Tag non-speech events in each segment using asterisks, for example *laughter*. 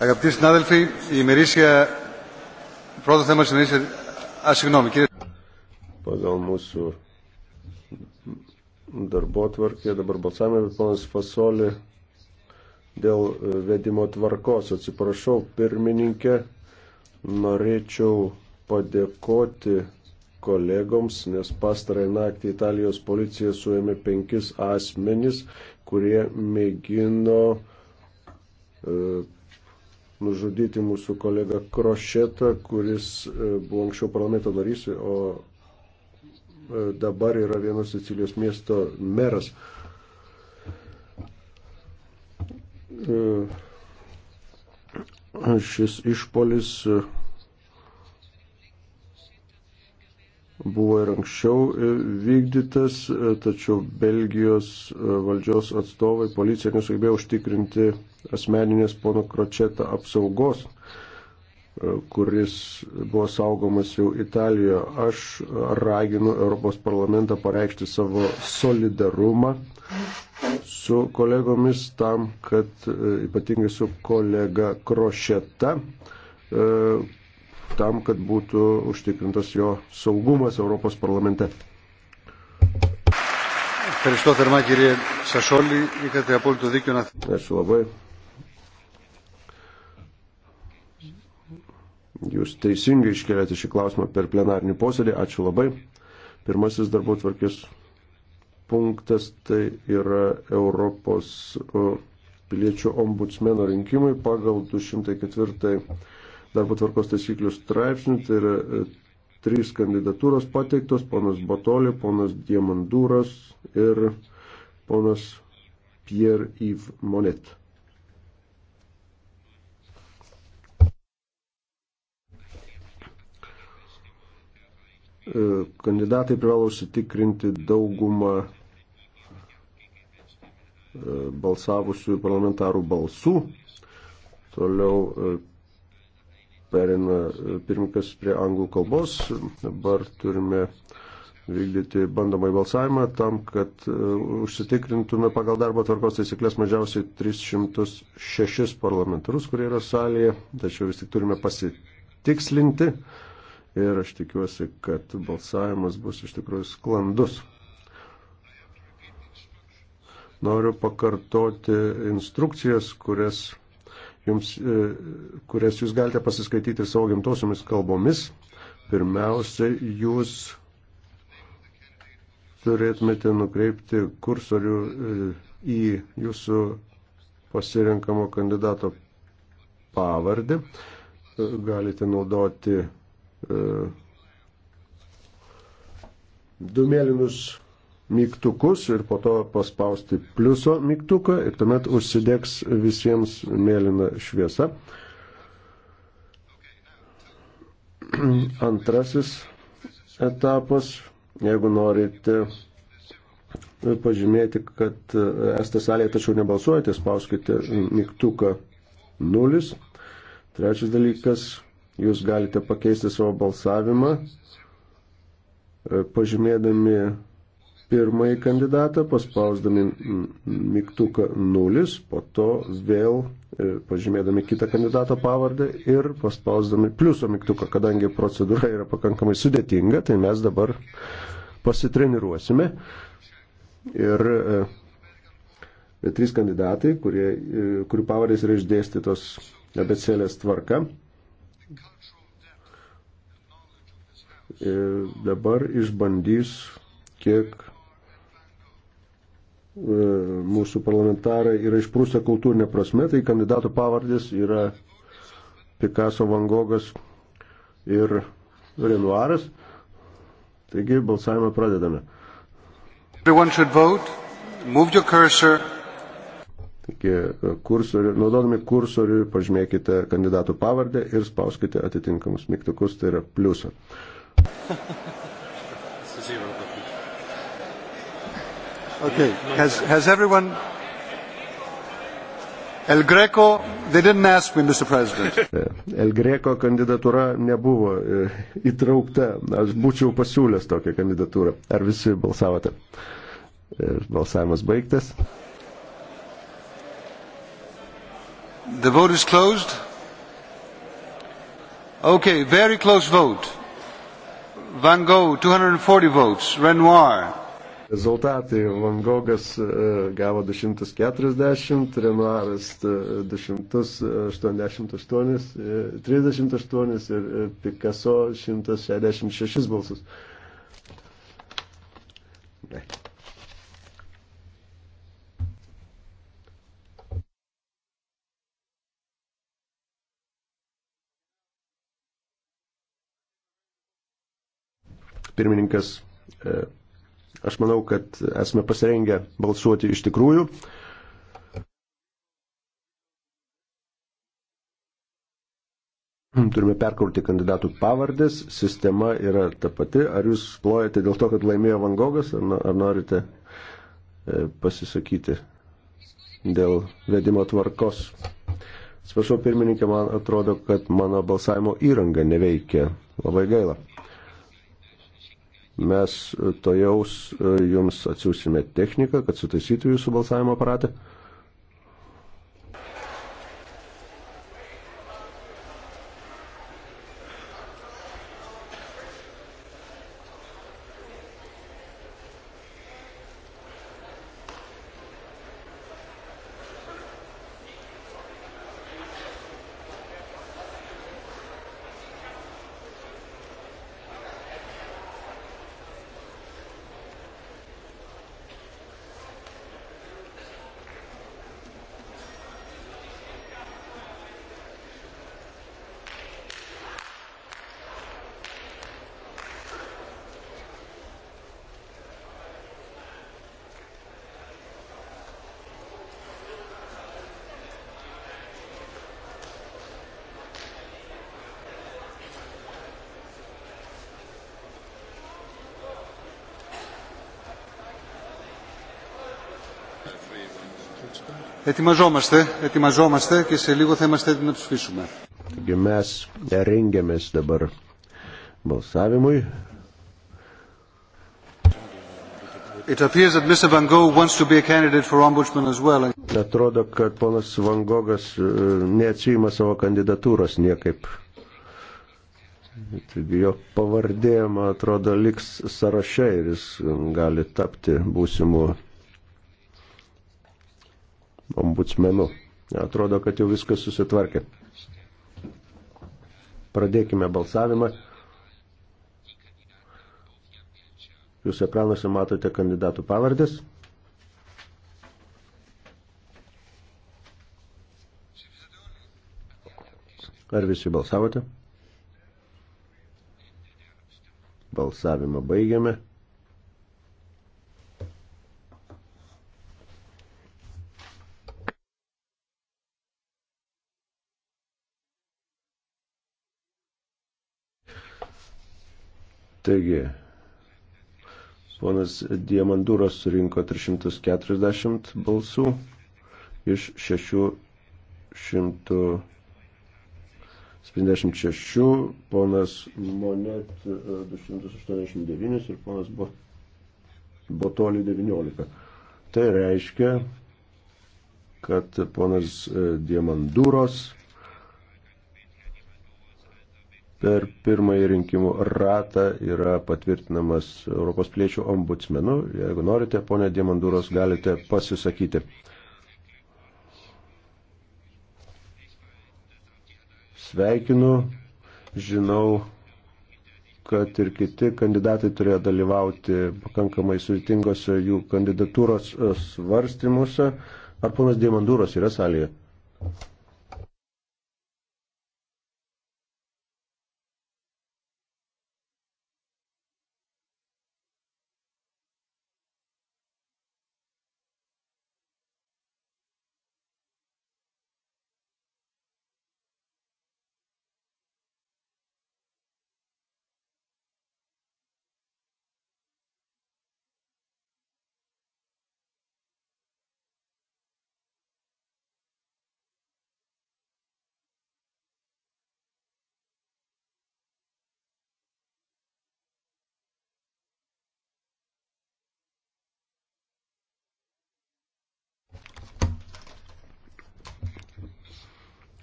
Αγαπητοί συνάδελφοι, η ημερήσια πρώτο θέμα της ημερήσιας... Α, συγγνώμη, κύριε... Pagal mūsų darbo tvarkė, dabar balsavime, ponas Fasolė dėl e, vedimo tvarkos. Atsiprašau, pirmininkė, norėčiau padėkoti kolegoms, nes pastarąją naktį Italijos policija suėmė penkis asmenis, kurie mėgino e, nužudyti mūsų kolegą Krošetą, kuris e, buvo anksčiau parlamento narys, o e, dabar yra vienas Sicilijos miesto meras. E, šis išpolis buvo ir anksčiau e, vykdytas, e, tačiau Belgijos e, valdžios atstovai policija nesugebėjo užtikrinti asmeninės pono Kročetą apsaugos, kuris buvo saugomas jau Italijoje. Aš raginu Europos parlamentą pareikšti savo solidarumą su kolegomis tam, kad ypatingai su kolega Krošeta tam, kad būtų užtikrintas jo saugumas Europos parlamente. Ευχαριστώ θερμά κύριε Σασόλη. Είχατε απόλυτο δίκιο να... Ευχαριστώ labai. Jūs teisingai iškelėte šį klausimą per plenarinį posėdį. Ačiū labai. Pirmasis darbo tvarkės punktas tai yra Europos uh, piliečių ombudsmeno rinkimai pagal 204 darbo tvarkos taisyklių straipsnių. Tai yra e, trys kandidatūros pateiktos, ponas Botolė, ponas Diemandūras ir ponas Pierre-Yves Monet. E, kandidatai privalo užsitikrinti daugumą e, balsavusių parlamentarų balsų. Toliau perina pirmininkas prie anglų kalbos. Dabar turime vykdyti bandomai balsavimą tam, kad e, užsitikrintume pagal darbo tvarkos taisyklės mažiausiai 306 parlamentarus, kurie yra salėje, tačiau vis tik turime pasitikslinti ir aš tikiuosi, kad balsavimas bus iš tikrųjų sklandus. Noriu pakartoti instrukcijas, kurias jums, e, kurias jūs galite pasiskaityti savo gimtosiomis kalbomis. Pirmiausia, jūs turėtumėte nukreipti kursorių e, į jūsų pasirinkamo kandidato pavardį. E, galite naudoti du mėlynus mygtukus ir po to paspausti pliuso mygtuką ir tuomet užsidegs visiems mėlyna šviesa. Antrasis etapas, jeigu norite pažymėti, kad esate salėje, tačiau nebalsuojate, spauskite mygtuką nulis. Trečias dalykas, jūs galite pakeisti savo balsavimą, pažymėdami pirmąjį kandidatą, paspausdami mygtuką nulis, po to vėl e, pažymėdami kitą kandidato pavardę ir paspausdami pliuso mygtuką, kadangi procedūra yra pakankamai sudėtinga, tai mes dabar pasitreniruosime. Ir e, trys kandidatai, kurie, e, kurių pavardės yra išdėstytos abecelės tvarka, ir dabar išbandys kiek E, mūsų parlamentarai yra išprūsę kultūrinė prasme, tai kandidatų pavardės yra Picasso, Van Gogas ir Renoiras. Taigi balsavimą pradedame. Taigi, e, kursorių, naudodami kursorių pažymėkite kandidatų pavardę ir spauskite atitinkamus mygtukus, tai yra pliusą. *laughs* Okay. Has, has everyone... El Greco, they didn't ask me, Mr. President. *laughs* El Greco kandidatūra nebuvo e, įtraukta. Aš būčiau pasiūlęs tokią kandidatūrą. Ar visi balsavote? E, balsavimas baigtas. The vote is closed. Okay, very close vote. Van Gogh, 240 votes. Renoir, Rezultatai Van Gogas e, gavo 240, Renoiras 288, e, 38 e, ir Picasso 166 balsus. Ne. Pirmininkas Aš manau, kad esame pasirengę balsuoti iš tikrųjų. Hmm, turime perkurti kandidatų pavardės, sistema yra ta pati. Ar jūs plojate dėl to, kad laimėjo Van Gogas, ar, ar norite e, pasisakyti dėl vedimo tvarkos? Atsiprašau, pirmininkė, man atrodo, kad mano balsavimo įranga neveikia. Labai gaila. Mes e, tojaus e, jums atsiūsime techniką, kad sutaisytų jūsų balsavimo aparatą. Ετοιμαζόμαστε, ετοιμαζόμαστε και σε λίγο θα είμαστε έτοιμοι να ψηφίσουμε. Taigi mes rengiamės dabar balsavimui. Well. Atrodo, kad ponas Van Gogas e, neatsijima savo kandidatūros niekaip. Taigi jo pavardė, man atrodo, liks sąraše ir jis gali tapti būsimu ombudsmenu. Atrodo, kad jau viskas susitvarkė. Pradėkime balsavimą. Jūs ekranuose matote kandidatų pavardės. Ar visi balsavote? Balsavimą baigiame. Taigi, ponas Diamandūros surinko 340 balsų iš 676, ponas Monet 289 e, ir ponas Botoli 19. Tai reiškia, kad ponas e, Diamandūros per pirmąjį rinkimų ratą yra patvirtinamas Europos piliečių ombudsmenu. Jeigu norite, ponė Diemandūros, galite pasisakyti. Sveikinu, žinau, kad ir kiti kandidatai turėjo dalyvauti pakankamai sudėtingose jų kandidatūros e, svarstymuose. Ar ponas Diemandūros yra salėje?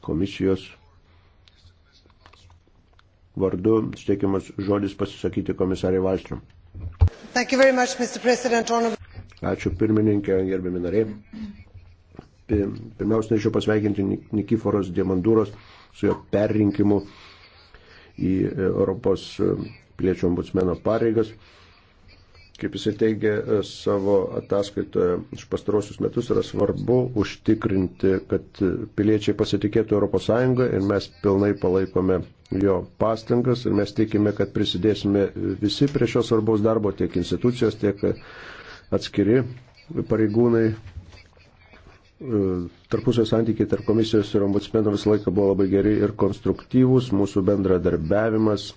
komisijos vardu steikiamas žodis pasisakyti komisarė Valstrom. Ačiū pirmininkė, gerbiami nariai. Pirmiausia, norėčiau pasveikinti Nikiforos Diamandūros su jo perrinkimu į Europos e, piliečio ombudsmeno pareigas kaip jisai teigia e, savo ataskaitoje iš pastarosius metus, yra svarbu užtikrinti, kad piliečiai pasitikėtų ES ir mes pilnai palaikome jo pastangas ir mes tikime, kad prisidėsime visi prie šio svarbaus darbo, tiek institucijos, tiek atskiri pareigūnai E, tarpusio santykiai tarp komisijos ir ombudsmeno visą laiką buvo labai geri ir konstruktyvūs, mūsų bendradarbiavimas,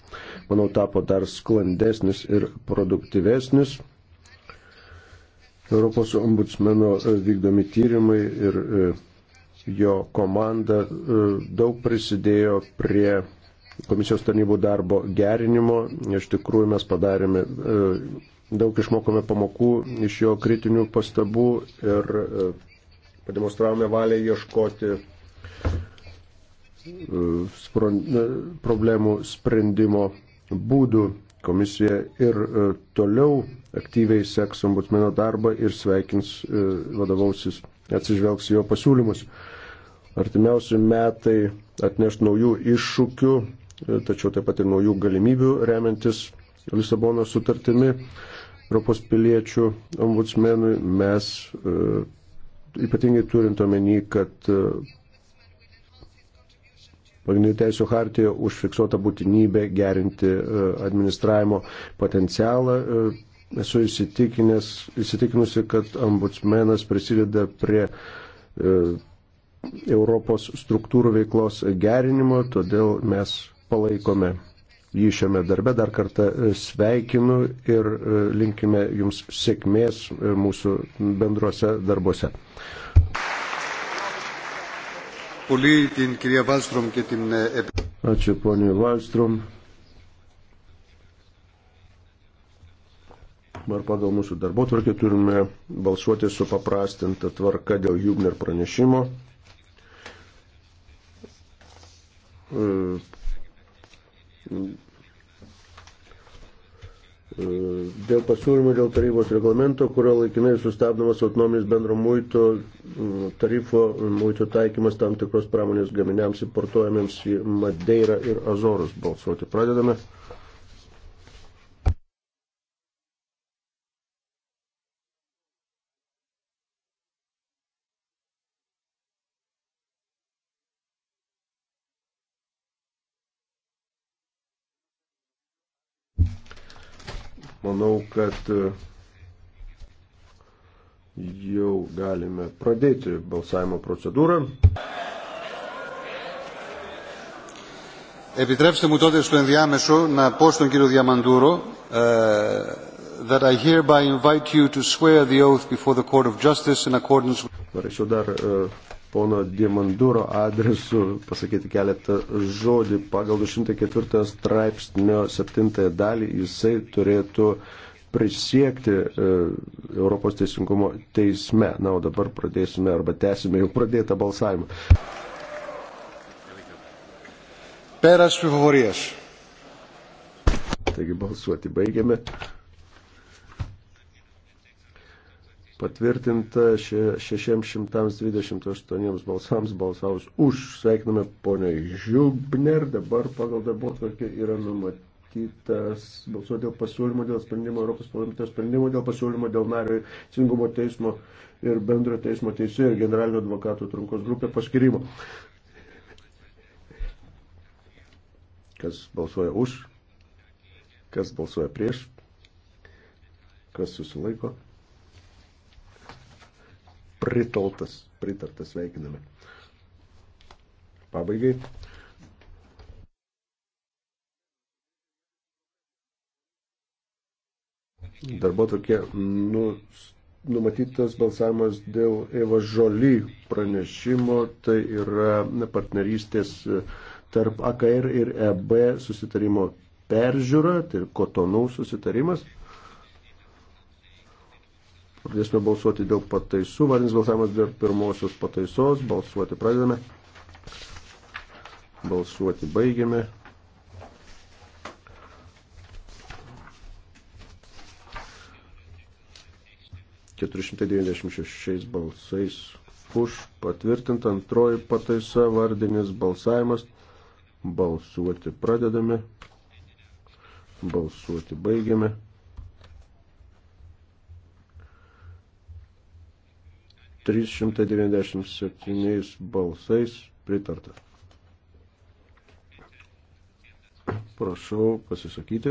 manau, tapo dar sklandesnis ir produktyvesnis. Europos ombudsmeno e, vykdomi tyrimai ir e, jo komanda daug prisidėjo prie komisijos tarnybų darbo gerinimo. Iš tikrųjų mes padarėme daug išmokome pamokų iš jo kritinių pastabų ir pademonstravome valią ieškoti e, problemų sprendimo būdų. Komisija ir e, toliau aktyviai seks ombudsmeno darbą ir sveikins e, vadovausis, atsižvelgs jo pasiūlymus. Artimiausi metai atneš naujų iššūkių, tačiau taip pat ir naujų galimybių remiantis Lisabono sutartimi. Europos piliečių ombudsmenui mes ypatingai turint omeny, kad e, pagrindinių teisų hartijoje užfiksuota būtinybė gerinti e, administravimo potencialą. E, esu įsitikinusi, kad ombudsmenas prisideda prie Europos struktūrų veiklos gerinimo, todėl mes palaikome jį šiame darbe. Dar kartą e, sveikinu ir e, linkime Jums sėkmės e, mūsų bendruose darbuose. Ačiū poniai Valstrom. Ar pagal mūsų darbo tvarkį turime balsuoti su paprastinta tvarka dėl Jubner pranešimo. E, E, dėl pasiūlymų dėl tarybos reglamento, kurio laikinai sustabdomas autonominis bendro muito e, tarifo e, muito taikymas tam tikros pramonės gaminiams importuojamiems į Madeirą ir Azorus balsuoti. Pradedame. Manau, kad e, jau galime pradėti balsavimo procedūrą. Επιτρέψτε μου τότε στο ενδιάμεσο να πω στον κύριο Διαμαντούρο ε, that I hereby invite you to swear the oath before the Court of Justice in accordance with pono Diemanduro adresu pasakyti keletą žodį. Pagal 204 straipsnio 7 dalį jisai turėtų prisiekti e, Europos teisingumo teisme. Na, o dabar pradėsime arba tęsime jau pradėtą balsavimą. Peras Fivorijas. Taigi balsuoti baigiame. patvirtinta 628 balsams balsavus už. Sveikiname ponę Žiubner. Dabar pagal darbo tvarkį yra numatytas balsuoti dėl pasiūlymo, dėl sprendimo, Europos parlamento sprendimo, dėl pasiūlymo, dėl nario teisingumo teismo ir bendro teismo teisėjo ir generalinio advokato trunkos grupė paskirimo. Kas balsuoja už, kas balsuoja prieš, kas susilaiko pritoltas, pritartas, sveikiname. Pabaigai. Darbo tokie nu, numatytas balsavimas dėl Eva Žoly pranešimo, tai yra partnerystės tarp AKR ir EB susitarimo peržiūra, tai ir kotonų susitarimas. Pradėsime balsuoti dėl pataisų. Vardinis balsavimas dėl pirmosios pataisos. Balsuoti pradedame. Balsuoti baigiame. šešiais balsais už patvirtinta antroji pataisa, vardinis balsavimas. Balsuoti pradedame. Balsuoti baigiame. 397 balsais pritarta. Prašau pasisakyti.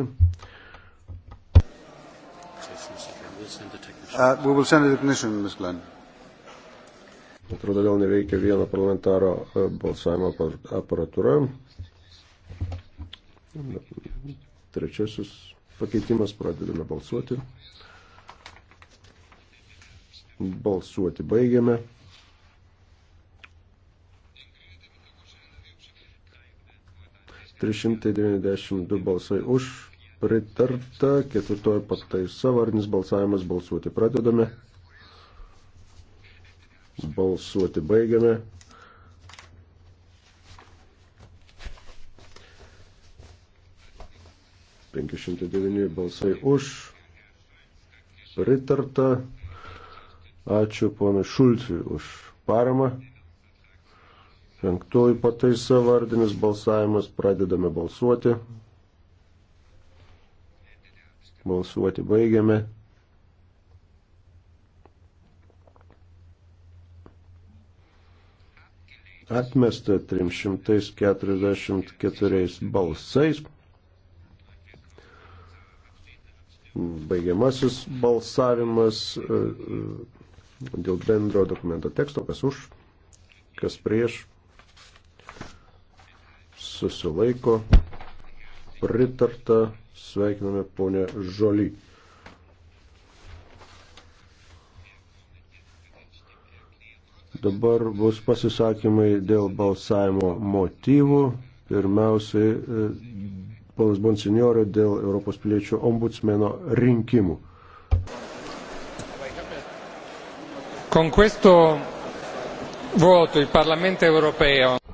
Uh, Atrodo, vėl neveikia vieno parlamentaro uh, balsavimo aparatūra. Trečiasis pakeitimas, pradedame balsuoti. Balsuoti baigiame. Trys šimtai devyniasdešimt du balsai už, pritarta, ketvirtoji pataisa, vardinis balsavimas, balsuoti pradedame, balsuoti baigiame. Penki šimtai devyni balsai už, pritarta, Ačiū ponui Šulciui už paramą. Penktoji pataisa vardinis balsavimas. Pradedame balsuoti. Balsuoti baigiame. Atmesta 344 balsais. Baigiamasis balsavimas dėl bendro dokumento teksto, kas už, kas prieš, susilaiko, pritarta, sveikiname ponę Žolį. Dabar bus pasisakymai dėl balsavimo motyvų. Pirmiausiai, e, ponas Bonsignorio dėl Europos piliečių ombudsmeno rinkimų con questo voto il parlamento europeo.